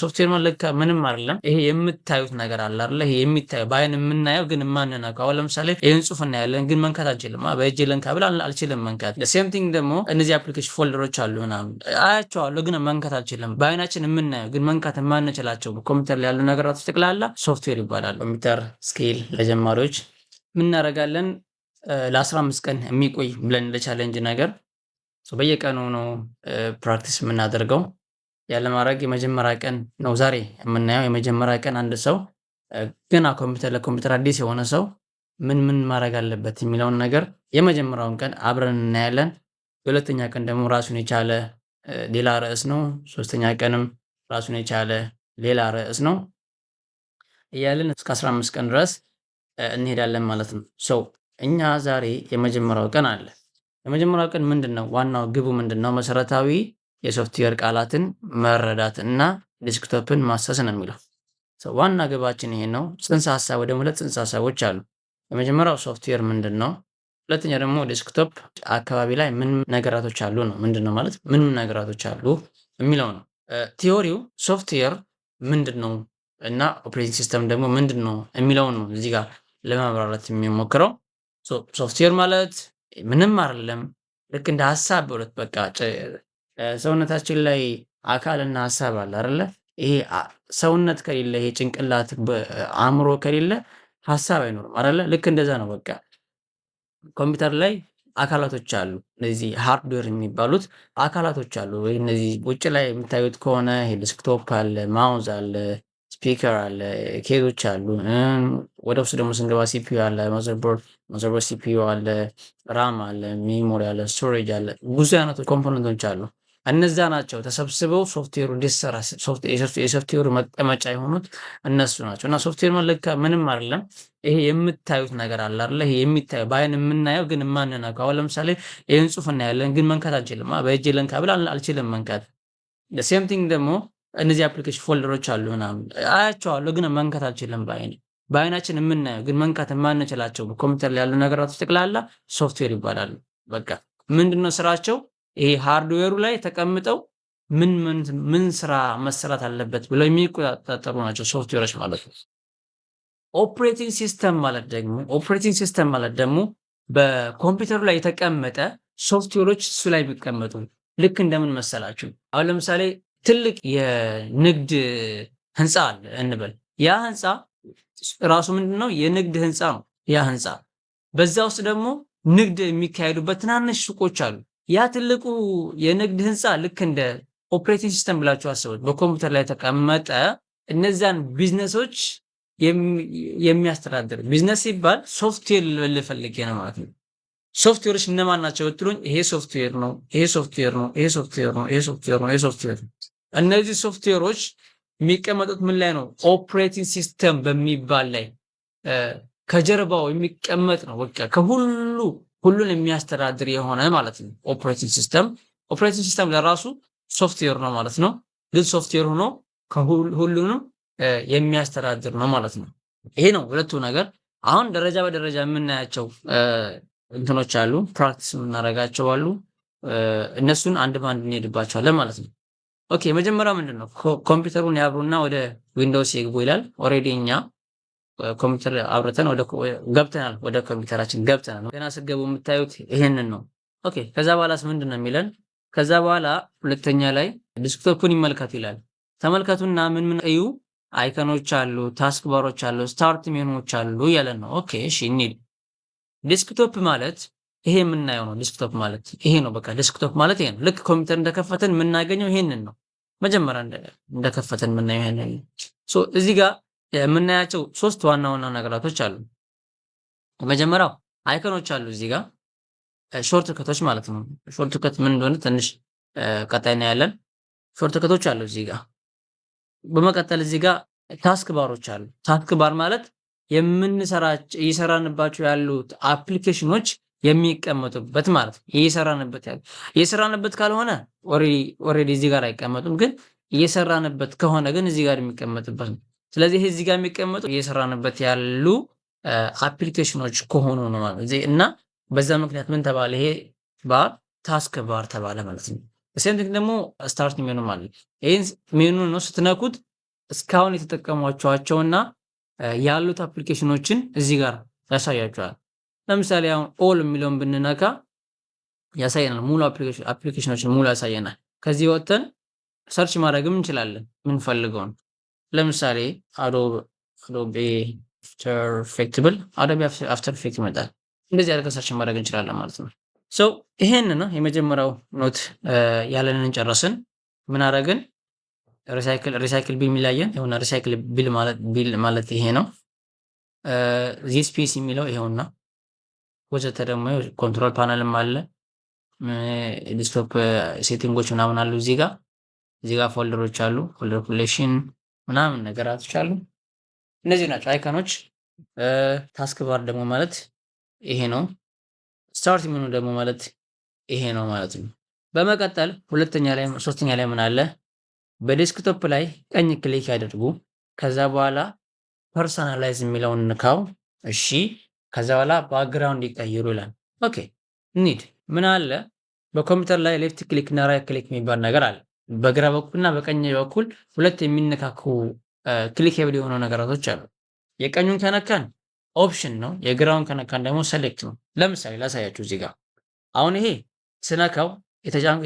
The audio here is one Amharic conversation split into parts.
ሶፍትዌር መለካ ምንም አይደለም። ይሄ የምታዩት ነገር አለ አይደለ? ይሄ የሚታየው በአይን የምናየው ግን የማንነካው። አሁን ለምሳሌ ይህን ጽሁፍ እናያለን፣ ግን መንካት አልችልም። በእጅ ልንካ ብል አልችልም መንካት። ሴም ቲንግ ደግሞ እነዚህ አፕሊኬሽን ፎልደሮች አሉ ምናምን አያቸዋለሁ፣ ግን መንካት አልችልም። በአይናችን የምናየው ግን መንካት የማንችላቸው ኮምፒውተር ላይ ያሉ ነገራቶች ጠቅላላ ሶፍትዌር ይባላል። ኮምፒውተር ስኬል ለጀማሪዎች ምናረጋለን ለ15 ቀን የሚቆይ ብለን ለቻለንጅ ነገር በየቀኑ ነው ፕራክቲስ የምናደርገው። ያለማድረግ የመጀመሪያ ቀን ነው ዛሬ የምናየው። የመጀመሪያ ቀን አንድ ሰው ገና ኮምፒውተር ለኮምፒውተር አዲስ የሆነ ሰው ምን ምን ማድረግ አለበት የሚለውን ነገር የመጀመሪያውን ቀን አብረን እናያለን። የሁለተኛ ቀን ደግሞ ራሱን የቻለ ሌላ ርዕስ ነው። ሶስተኛ ቀንም ራሱን የቻለ ሌላ ርዕስ ነው እያለን እስከ 15 ቀን ድረስ እንሄዳለን ማለት ነው። ሰው እኛ ዛሬ የመጀመሪያው ቀን አለ። የመጀመሪያው ቀን ምንድን ነው? ዋናው ግቡ ምንድን ነው? መሰረታዊ የሶፍትዌር ቃላትን መረዳት እና ዴስክቶፕን ማሰስ ነው የሚለው ዋና ግባችን ይሄ ነው። ጽንሰ ሀሳብ ወደ ሁለት ጽንሰ ሀሳቦች አሉ። የመጀመሪያው ሶፍትዌር ምንድን ነው፣ ሁለተኛ ደግሞ ዴስክቶፕ አካባቢ ላይ ምን ነገራቶች አሉ ነው። ምንድን ነው ማለት ምን ነገራቶች አሉ የሚለው ነው። ቲዮሪው ሶፍትዌር ምንድን ነው እና ኦፕሬቲንግ ሲስተም ደግሞ ምንድን ነው የሚለው ነው እዚህ ጋር ለማብራራት የሚሞክረው። ሶፍትዌር ማለት ምንም አይደለም ልክ እንደ ሀሳብ በሁለት በቃ ሰውነታችን ላይ አካልና ሀሳብ አለ አይደለ? ይሄ ሰውነት ከሌለ ይሄ ጭንቅላት አእምሮ ከሌለ ሀሳብ አይኖርም አይደለ? ልክ እንደዛ ነው። በቃ ኮምፒውተር ላይ አካላቶች አሉ። እነዚህ ሃርድዌር የሚባሉት አካላቶች አሉ። ወይ እነዚህ ውጭ ላይ የምታዩት ከሆነ ዲስክቶፕ አለ፣ ማውዝ አለ፣ ስፒከር አለ፣ ኬዞች አሉ። ወደ ውስጥ ደግሞ ስንገባ ሲፒዩ አለ፣ ማዘርቦርድ ማዘርቦርድ ሲፒዩ አለ፣ ራም አለ፣ ሚሞሪ አለ፣ ስቶሬጅ አለ። ብዙ አይነቶች ኮምፖነንቶች አሉ። እነዛ ናቸው ተሰብስበው ሶፍትዌሩ እንዲሰራ የሶፍትዌሩ መቀመጫ የሆኑት እነሱ ናቸው። እና ሶፍትዌር መለካ ምንም አይደለም። ይሄ የምታዩት ነገር አለ አይደለ? ይሄ የሚታየው በአይን የምናየው ግን የማንነካው። አሁን ለምሳሌ ይህን ጽሑፍ እናያለን፣ ግን መንካት አንችልም። በእጅ ለንካ ብል አልችልም መንካት። ሴም ቲንግ ደግሞ እነዚህ አፕሊኬሽን ፎልደሮች አሉ ምናምን አያቸዋለሁ፣ ግን መንካት አልችልም በአይን በአይናችን የምናየው ግን መንካት የማንችላቸው በኮምፒውተር ላይ ያሉ ነገራቶች ጠቅላላ ሶፍትዌር ይባላሉ። በቃ ምንድነው ስራቸው? ይሄ ሃርድዌሩ ላይ ተቀምጠው ምን ምን ስራ መሰራት አለበት ብለው የሚቆጣጠሩ ናቸው ሶፍትዌሮች ማለት ነው። ኦፕሬቲንግ ሲስተም ማለት ደግሞ ኦፕሬቲንግ ሲስተም ማለት ደግሞ በኮምፒውተሩ ላይ የተቀመጠ ሶፍትዌሮች እሱ ላይ የሚቀመጡ ልክ እንደምን መሰላችሁ፣ አሁን ለምሳሌ ትልቅ የንግድ ህንፃ አለ እንበል። ያ ህንፃ ራሱ ምንድን ነው? የንግድ ህንፃ ነው ያ ህንፃ። በዛ ውስጥ ደግሞ ንግድ የሚካሄዱበት ትናንሽ ሱቆች አሉ። ያ ትልቁ የንግድ ህንፃ ልክ እንደ ኦፕሬቲንግ ሲስተም ብላችሁ አስቡት። በኮምፒውተር ላይ የተቀመጠ እነዚያን ቢዝነሶች የሚያስተዳድር ቢዝነስ ሲባል ሶፍትዌር ልፈልግ ነው ማለት ነው። ሶፍትዌሮች እነማን ናቸው ብትሉኝ፣ ይሄ ሶፍትዌር ነው፣ ይሄ ሶፍትዌር ነው፣ ይሄ ሶፍትዌር ነው፣ ይሄ ሶፍትዌር ነው፣ ይሄ ሶፍትዌር ነው። እነዚህ ሶፍትዌሮች የሚቀመጡት ምን ላይ ነው? ኦፕሬቲንግ ሲስተም በሚባል ላይ ከጀርባው የሚቀመጥ ነው። በቃ ከሁሉ ሁሉን የሚያስተዳድር የሆነ ማለት ነው። ኦፕሬቲንግ ሲስተም ኦፕሬቲንግ ሲስተም ለራሱ ሶፍትዌር ነው ማለት ነው። ግን ሶፍትዌር ሆኖ ሁሉንም የሚያስተዳድር ነው ማለት ነው። ይሄ ነው ሁለቱ ነገር። አሁን ደረጃ በደረጃ የምናያቸው እንትኖች አሉ፣ ፕራክቲስ የምናደርጋቸው አሉ። እነሱን አንድ በአንድ እንሄድባቸዋለን ማለት ነው። ኦኬ መጀመሪያ ምንድን ነው ኮምፒውተሩን ያብሩና ወደ ዊንዶውስ ይግቡ ይላል። ኦልሬዲ እኛ ኮምፒውተር አብረተን ገብተናል፣ ወደ ኮምፒውተራችን ገብተናል። ገና ስገቡ የምታዩት ይሄንን ነው። ኦኬ ከዛ በኋላስ ምንድን ነው የሚለን? ከዛ በኋላ ሁለተኛ ላይ ዲስክቶፑን ይመልከቱ ይላል። ተመልከቱና ምን ምን እዩ አይከኖች አሉ፣ ታስክ ባሮች አሉ፣ ስታርት ሜኖች አሉ ያለን ነው። ኦኬ እሺ እንሂድ። ዲስክቶፕ ማለት ይሄ የምናየው ነው። ዲስክቶፕ ማለት ይሄ ነው። በቃ ዲስክቶፕ ማለት ይሄ ነው። ልክ ኮምፒውተር እንደከፈተን የምናገኘው ይሄንን ነው። መጀመሪያ እንደከፈተን የምናየው ይሄንን ሶ እዚህ ጋር የምናያቸው ሶስት ዋና ዋና ነገራቶች አሉ። የመጀመሪያው አይከኖች አሉ እዚህ ጋር ሾርት ከቶች ማለት ነው። ሾርት ከት ምን እንደሆነ ትንሽ ቀጣይ ነው ያለን። ሾርት ከቶች አሉ እዚህ ጋር። በመቀጠል እዚህ ጋር ታስክ ባሮች አሉ። ታስክ ባር ማለት የምንሰራቸው እየሰራንባቸው ያሉት አፕሊኬሽኖች የሚቀመጡበት ማለት ነው። እየሰራንበት ያሉ እየሰራንበት ካልሆነ ኦልሬዲ እዚህ ጋር አይቀመጡም፣ ግን እየሰራንበት ከሆነ ግን እዚህ ጋር የሚቀመጥበት ነው። ስለዚህ እዚህ ጋር የሚቀመጡ እየሰራንበት ያሉ አፕሊኬሽኖች ከሆኑ ነው ማለት እና በዛ ምክንያት ምን ተባለ? ይሄ ባር ታስክ ባር ተባለ ማለት ነው። በሴምቲንግ ደግሞ ስታርት ሜኑ ማለት ይህን ሜኑ ነው ስትነኩት እስካሁን የተጠቀሟቸዋቸውና ያሉት አፕሊኬሽኖችን እዚህ ጋር ያሳያቸዋል። ለምሳሌ አሁን ኦል የሚለውን ብንነካ ያሳየናል፣ ሙሉ አፕሊኬሽኖችን ሙሉ ያሳየናል። ከዚህ ወጥተን ሰርች ማድረግም እንችላለን ምንፈልገውን ለምሳሌ አዶቤ አፍተር ኢፌክት ብል አዶቤ አፍተር ኢፌክት ይመጣል። እንደዚህ አድርገን ሰርች ማድረግ እንችላለን ማለት ነው። ሰው ይሄን ነው የመጀመሪያው ኖት ያለንን ጨረስን። ምን አረግን? ሪሳይክል ሪሳይክል ቢል የሚላየን ይኸውና። ሪሳይክል ቢል ማለት ቢል ማለት ይሄ ነው። ዚህ ስፔስ የሚለው ይሄውና፣ ወዘተ ደግሞ ኮንትሮል ፓነልም አለ ዲስክቶፕ ሴቲንጎች ምናምን አሉ። እዚህ ጋር እዚህ ጋር ፎልደሮች አሉ። ፎልደር ኮሌክሽን ምናምን ነገራቶች አሉ። እነዚህ ናቸው አይካኖች። ታስክ ባር ደግሞ ማለት ይሄ ነው። ስታርት ሚኑ ደግሞ ማለት ይሄ ነው ማለት ነው። በመቀጠል ሁለተኛ ላይ ሶስተኛ ላይ ምን አለ? በዴስክቶፕ ላይ ቀኝ ክሊክ ያደርጉ። ከዛ በኋላ ፐርሰናላይዝ የሚለውን ንካው። እሺ፣ ከዛ በኋላ ባክግራውንድ ይቀይሩ ይላል። ኦኬ ኒድ ምን አለ? በኮምፒውተር ላይ ሌፍት ክሊክ እና ራይት ክሊክ የሚባል ነገር አለ። በግራ በኩልና በቀኝ በኩል ሁለት የሚነካኩ ክሊኬብል የሆኑ ነገራቶች አሉ። የቀኙን ከነካን ኦፕሽን ነው፣ የግራውን ከነካን ደግሞ ሰሌክት ነው። ለምሳሌ ላሳያችሁ እዚህ ጋር አሁን ይሄ ስነካው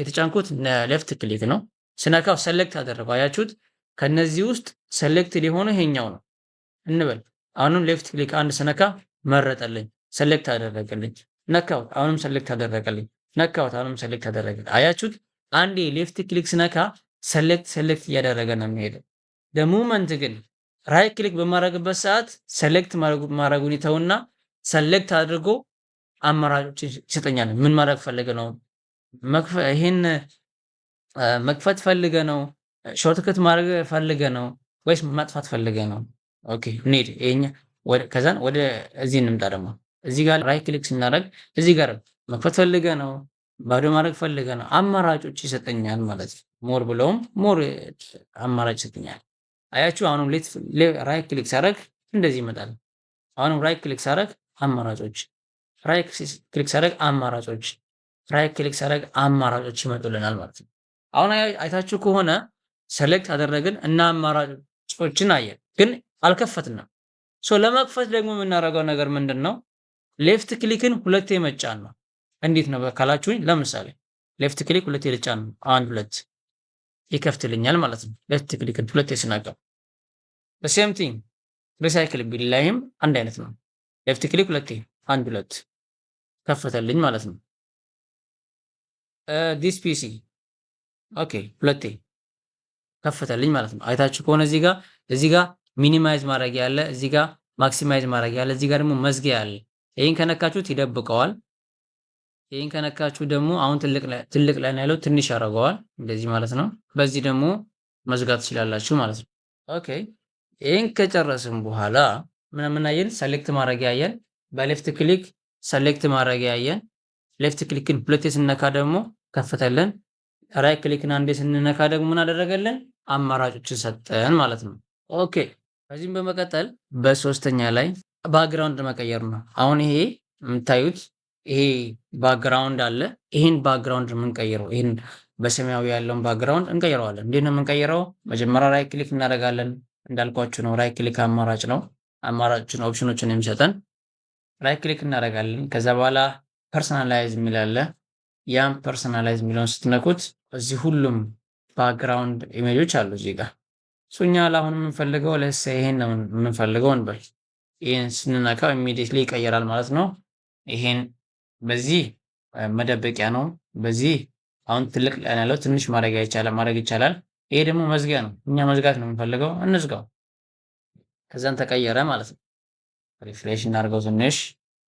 የተጫንኩት ሌፍት ክሊክ ነው። ስነካው ሰሌክት አደረገው። አያችሁት? ከነዚህ ውስጥ ሰሌክት ሊሆነ ይሄኛው ነው እንበል። አሁንም ሌፍት ክሊክ አንድ ስነካ መረጠልኝ፣ ሰሌክት አደረገልኝ። ነካሁት፣ አሁንም ሰሌክት አደረገልኝ። ነካሁት፣ አሁንም ሰሌክት አደረገልኝ። አያችሁት? አንዴ ሌፍት ክሊክ ስነካ ሰሌክት ሰሌክት እያደረገ ነው የሚሄደው። ለሙመንት ግን ራይት ክሊክ በማድረግበት ሰዓት ሰሌክት ማድረጉን ይተውና ሰሌክት አድርጎ አማራጮች ይሰጠኛል። ምን ማድረግ ፈልገ ነው ይህን መክፈት ፈልገ ነው ሾርትከት ማድረግ ፈልገ ነው ወይስ ማጥፋት ፈልገ ነው? ኔድ ከዛን ወደ እዚህ እንምጣ። ደግሞ እዚህ ጋር ራይት ክሊክ ስናደርግ እዚህ ጋር መክፈት ፈልገ ነው ባዶ ማድረግ ፈልገ ነው አማራጮች ይሰጠኛል ማለት ነው። ሞር ብለውም ሞር አማራጭ ይሰጠኛል። አያችሁ አሁንም ራይ ክሊክ ሳረግ እንደዚህ ይመጣል። አሁንም ራይ ክሊክ ሳረግ አማራጮች፣ ራይ ክሊክ ሳረግ አማራጮች፣ ራይ ክሊክ ሳረግ አማራጮች ይመጡልናል ማለት ነው። አሁን አይታችሁ ከሆነ ሰሌክት አደረግን እና አማራጮችን አየን፣ ግን አልከፈትንም። ሶ ለመክፈት ደግሞ የምናደርገው ነገር ምንድን ነው? ሌፍት ክሊክን ሁለቴ መጫን ነው። እንዴት ነው ካላችሁኝ፣ ለምሳሌ ሌፍት ክሊክ ሁለት ልጫን አንድ ሁለት ይከፍትልኛል ማለት ነው። ሌፍት ክሊክ ሁለት ስናገር በሴም ቲንግ ሪሳይክል ቢላይም አንድ አይነት ነው። ሌፍት ክሊክ ሁለት አንድ ሁለት ከፈተልኝ ማለት ነው። ዲስ ፒሲ ኦኬ ሁለቴ ከፈተልኝ ማለት ነው። አይታችሁ ከሆነ እዚህ ጋር እዚህ ጋር ሚኒማይዝ ማድረግ ያለ እዚህ ጋር ማክሲማይዝ ማድረግ ያለ እዚህ ጋር ደግሞ መዝጊያ ያለ ይህን ከነካችሁት ይደብቀዋል። ይህን ከነካችሁ ደግሞ አሁን ትልቅ ላይ ያለው ትንሽ ያደርገዋል እንደዚህ ማለት ነው። በዚህ ደግሞ መዝጋት ትችላላችሁ ማለት ነው። ኦኬ ይህን ከጨረስን በኋላ ምናምን አየን፣ ሰሌክት ማድረግ ያየን፣ በሌፍት ክሊክ ሰሌክት ማድረግ ያየን። ሌፍት ክሊክን ሁለቴ ስነካ ደግሞ ከፈተልን። ራይ ክሊክን አንዴ ስንነካ ደግሞ ምን አደረገልን? አማራጮችን ሰጠን ማለት ነው። ኦኬ ከዚህም በመቀጠል በሶስተኛ ላይ ባክግራውንድ መቀየር ነው። አሁን ይሄ የምታዩት ይሄ ባክግራውንድ አለ። ይህን ባክግራውንድ የምንቀይረው ይህን በሰማያዊ ያለውን ባክግራውንድ እንቀይረዋለን። እንዴት ነው የምንቀይረው? መጀመሪያ ራይ ክሊክ እናደርጋለን። እንዳልኳችሁ ነው ራይ ክሊክ አማራጭ ነው። አማራጭን ኦፕሽኖችን የሚሰጠን ራይ ክሊክ እናደርጋለን። ከዛ በኋላ ፐርሰናላይዝ የሚል አለ። ያም ፐርሰናላይዝ የሚለውን ስትነኩት እዚህ ሁሉም ባክግራውንድ ኢሜጆች አሉ እዚህ ጋር እሱ እኛ ለአሁን የምንፈልገው ለሰ ይሄን ነው የምንፈልገው እንበል። ይህን ስንነካው ኢሚዲየትሊ ይቀየራል ማለት ነው። ይሄን በዚህ መደበቂያ ነው። በዚህ አሁን ትልቅ ቀን ያለው ትንሽ ማድረግ ይቻላል ማድረግ ይቻላል። ይሄ ደግሞ መዝጊያ ነው። እኛ መዝጋት ነው የምንፈልገው፣ እንዝጋው። ከዛን ተቀየረ ማለት ነው። ሪፍሬሽ እናደርገው ትንሽ።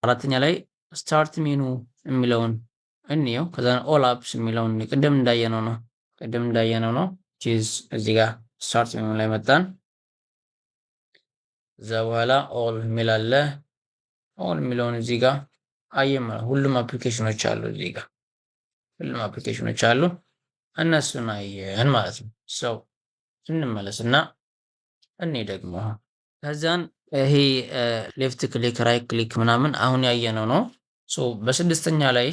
አራተኛ ላይ ስታርት ሜኑ የሚለውን እንየው። ከዛን ኦል አፕስ የሚለውን ቅድም እንዳየነው ነው ቅድም እንዳየነው ነው ቺዝ እዚህ ጋር ስታርት ሜኑ ላይ መጣን። እዛ በኋላ ኦል የሚላለ ኦል የሚለውን እዚህ ጋር አየም ሁሉም አፕሊኬሽኖች አሉ እዚህ ጋር ሁሉም አፕሊኬሽኖች አሉ። እነሱን አየን ማለት ነው። ሰው እንመለስና እኔ ደግሞ ከዚያን ይሄ ሌፍት ክሊክ ራይት ክሊክ ምናምን አሁን ያየነው ነው። በስድስተኛ ላይ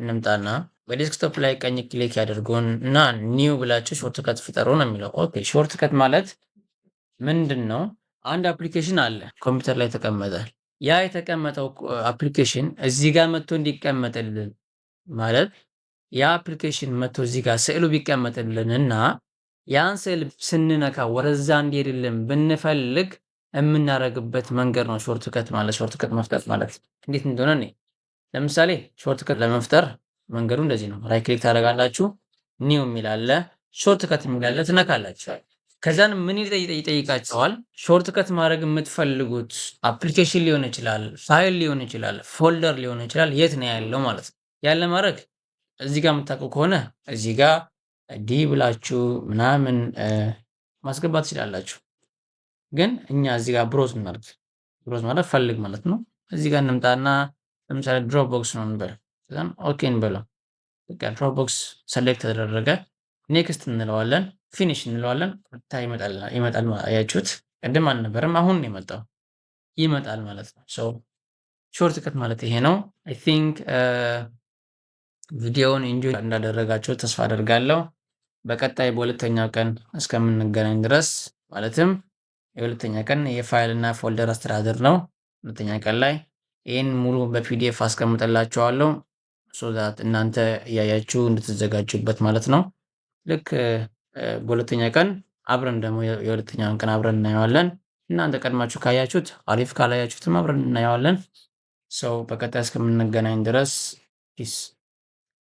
እንምጣና በዴስክቶፕ ላይ ቀኝ ክሊክ ያደርገውን እና ኒው ብላችሁ ሾርትከት ፍጠሩ ነው የሚለው። ኦኬ ሾርትከት ማለት ምንድን ነው? አንድ አፕሊኬሽን አለ ኮምፒውተር ላይ ተቀመጠ። ያ የተቀመጠው አፕሊኬሽን እዚህ ጋር መጥቶ እንዲቀመጥልን ማለት ያ አፕሊኬሽን መጥቶ እዚህ ጋር ስዕሉ ቢቀመጥልን እና ያን ስዕል ስንነካ ወረዛ እንዲሄድልን ብንፈልግ የምናደርግበት መንገድ ነው ሾርት ከት ማለት። ሾርት ከት መፍጠር ማለት እንዴት እንደሆነ እኔ ለምሳሌ ሾርት ከት ለመፍጠር መንገዱ እንደዚህ ነው። ራይ ክሊክ ታደርጋላችሁ፣ ኒው የሚላለ ሾርት ከት የሚላለ ትነካላችሁ። ከዛን ምን ይጠይቃቸዋል? ሾርት ከት ማድረግ የምትፈልጉት አፕሊኬሽን ሊሆን ይችላል፣ ፋይል ሊሆን ይችላል፣ ፎልደር ሊሆን ይችላል። የት ነው ያለው ማለት ነው። ያለ ማድረግ እዚህ ጋር የምታውቁ ከሆነ እዚህ ጋር ዲ ብላችሁ ምናምን ማስገባት ትችላላችሁ። ግን እኛ እዚህ ጋር ብሮዝ እናድርግ። ብሮዝ ማለት ፈልግ ማለት ነው። እዚህ ጋር እንምጣና ለምሳሌ ድሮፕ ቦክስ ነው እንበል። ኦኬ እንበለው። ድሮፕ ቦክስ ሰሌክት ተደረገ። ኔክስት እንለዋለን። ፊኒሽ እንለዋለን። ቀጥታ ይመጣል። አያችሁት? ቅድም አልነበረም፣ አሁን የመጣው ይመጣል ማለት ነው። ሶ ሾርት ከት ማለት ይሄ ነው። አይ ቲንክ uh, ቪዲዮውን ኢንጆይ እንዳደረጋችሁ ተስፋ አደርጋለሁ። በቀጣይ በሁለተኛው ቀን እስከምንገናኝ ድረስ ማለትም የሁለተኛ ቀን የፋይል እና ፎልደር አስተዳደር ነው። ሁለተኛ ቀን ላይ ይህን ሙሉ በፒዲኤፍ አስቀምጠላችኋለሁ ሶ ዛት እናንተ እያያችሁ እንድትዘጋጁበት ማለት ነው ልክ በሁለተኛ ቀን አብረን ደግሞ የሁለተኛውን ቀን አብረን እናየዋለን። እናንተ ቀድማችሁ ካያችሁት አሪፍ፣ ካላያችሁትም አብረን እናየዋለን። ሰው በቀጣይ እስከምንገናኝ ድረስ ፒስ